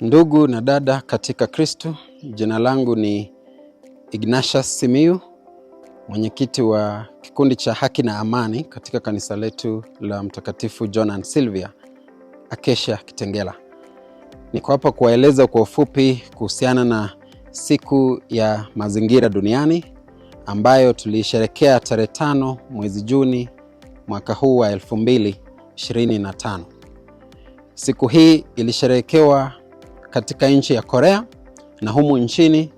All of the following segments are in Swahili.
Ndugu na dada katika Kristo, jina langu ni Ignatius Simiu, mwenyekiti wa kikundi cha Haki na Amani katika kanisa letu la Mtakatifu John and Silvia Acacia Kitengela. Niko hapa kuwaeleza kwa ufupi kuhusiana na siku ya mazingira duniani ambayo tuliisherekea tarehe tano mwezi Juni mwaka huu wa 2025. Siku hii ilisherekewa katika nchi ya Korea na humu nchini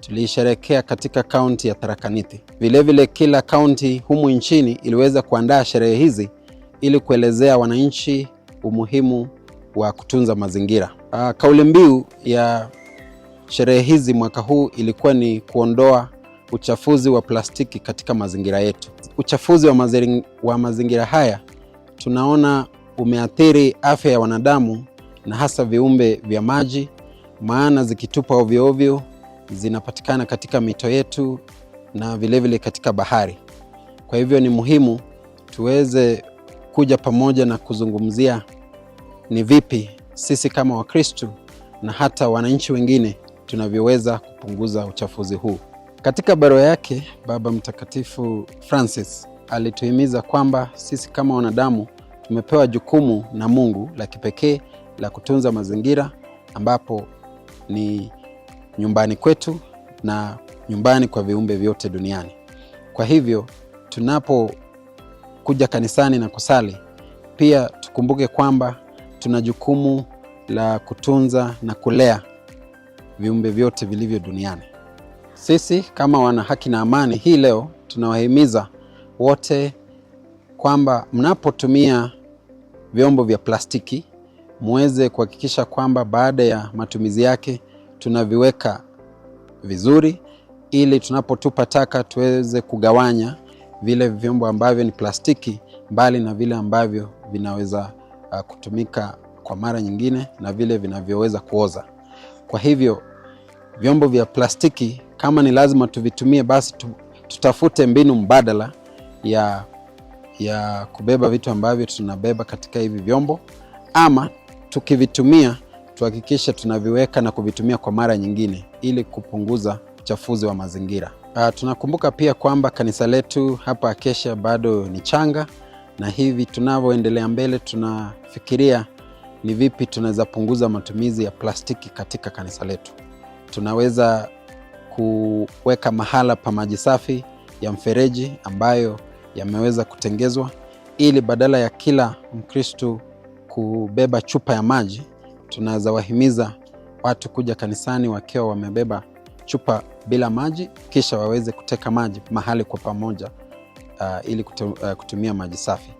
tulisherekea katika kaunti ya tharakanithi Vilevile, kila kaunti humu nchini iliweza kuandaa sherehe hizi ili kuelezea wananchi umuhimu wa kutunza mazingira. Ah, kauli mbiu ya sherehe hizi mwaka huu ilikuwa ni kuondoa uchafuzi wa plastiki katika mazingira yetu. Uchafuzi wa, wa mazingira haya tunaona umeathiri afya ya wanadamu na hasa viumbe vya maji, maana zikitupa ovyo ovyo zinapatikana katika mito yetu na vilevile vile katika bahari. Kwa hivyo ni muhimu tuweze kuja pamoja na kuzungumzia ni vipi sisi kama Wakristu na hata wananchi wengine tunavyoweza kupunguza uchafuzi huu. Katika barua yake, Baba Mtakatifu Francis alituhimiza kwamba sisi kama wanadamu tumepewa jukumu na Mungu la kipekee la kutunza mazingira ambapo ni nyumbani kwetu na nyumbani kwa viumbe vyote duniani. Kwa hivyo tunapokuja kanisani na kusali, pia tukumbuke kwamba tuna jukumu la kutunza na kulea viumbe vyote vilivyo duniani. Sisi kama wana haki na amani, hii leo tunawahimiza wote kwamba mnapotumia vyombo vya plastiki muweze kuhakikisha kwamba baada ya matumizi yake tunaviweka vizuri, ili tunapotupa taka tuweze kugawanya vile vyombo ambavyo ni plastiki, mbali na vile ambavyo vinaweza uh, kutumika kwa mara nyingine na vile vinavyoweza kuoza. Kwa hivyo vyombo vya plastiki kama ni lazima tuvitumie, basi tutafute mbinu mbadala ya, ya kubeba vitu ambavyo tunabeba katika hivi vyombo ama tukivitumia tuhakikishe tunaviweka na kuvitumia kwa mara nyingine ili kupunguza uchafuzi wa mazingira. Uh, tunakumbuka pia kwamba kanisa letu hapa Acacia bado ni changa, na hivi tunavyoendelea mbele tunafikiria ni vipi tunaweza punguza matumizi ya plastiki katika kanisa letu. Tunaweza kuweka mahala pa maji safi ya mfereji ambayo yameweza kutengezwa ili badala ya kila mkristu kubeba chupa ya maji, tunaweza wahimiza watu kuja kanisani wakiwa wamebeba chupa bila maji, kisha waweze kuteka maji mahali kwa pamoja uh, ili kutu, uh, kutumia maji safi.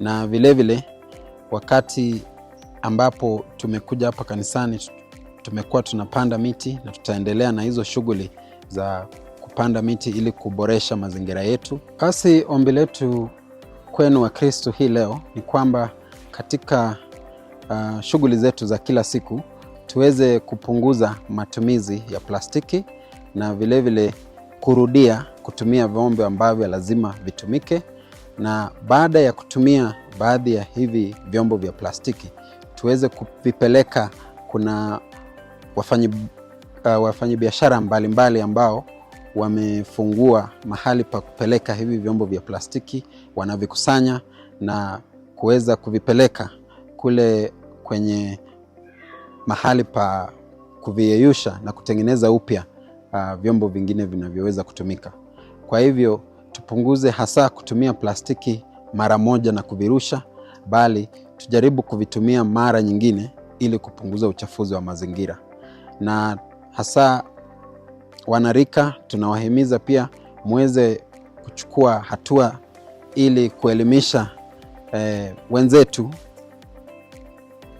Na vilevile vile, wakati ambapo tumekuja hapa kanisani tumekuwa tunapanda miti na tutaendelea na hizo shughuli za kupanda miti ili kuboresha mazingira yetu. Basi ombi letu kwenu kristo hii leo ni kwamba katika uh, shughuli zetu za kila siku tuweze kupunguza matumizi ya plastiki na vilevile vile kurudia kutumia vyombo ambavyo lazima vitumike, na baada ya kutumia baadhi ya hivi vyombo vya plastiki tuweze kuvipeleka. Kuna wafanyi, uh, wafanyi mbalimbali ambao wamefungua mahali pa kupeleka hivi vyombo vya plastiki, wanavikusanya na kuweza kuvipeleka kule kwenye mahali pa kuviyeyusha na kutengeneza upya uh, vyombo vingine vinavyoweza kutumika. Kwa hivyo tupunguze hasa kutumia plastiki mara moja na kuvirusha, bali tujaribu kuvitumia mara nyingine ili kupunguza uchafuzi wa mazingira. Na hasa wanarika, tunawahimiza pia muweze kuchukua hatua ili kuelimisha eh, wenzetu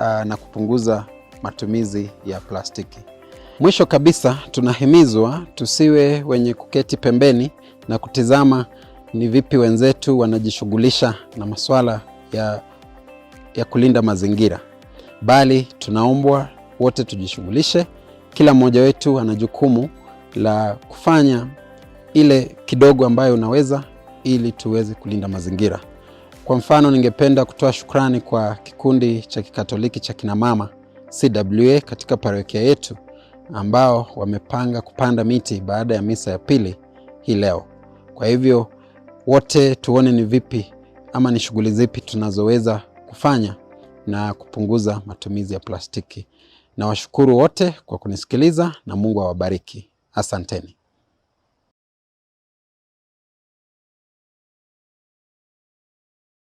aa, ah, na kupunguza matumizi ya plastiki. Mwisho kabisa, tunahimizwa tusiwe wenye kuketi pembeni na kutizama ni vipi wenzetu wanajishughulisha na masuala ya, ya kulinda mazingira, bali tunaombwa wote tujishughulishe. Kila mmoja wetu ana jukumu la kufanya ile kidogo ambayo unaweza ili tuweze kulinda mazingira. Kwa mfano, ningependa kutoa shukrani kwa kikundi cha kikatoliki cha kinamama CWA katika parokia yetu ambao wamepanga kupanda miti baada ya misa ya pili hii leo. Kwa hivyo wote tuone ni vipi ama ni shughuli zipi tunazoweza kufanya na kupunguza matumizi ya plastiki. Nawashukuru wote kwa kunisikiliza na Mungu awabariki. Asanteni.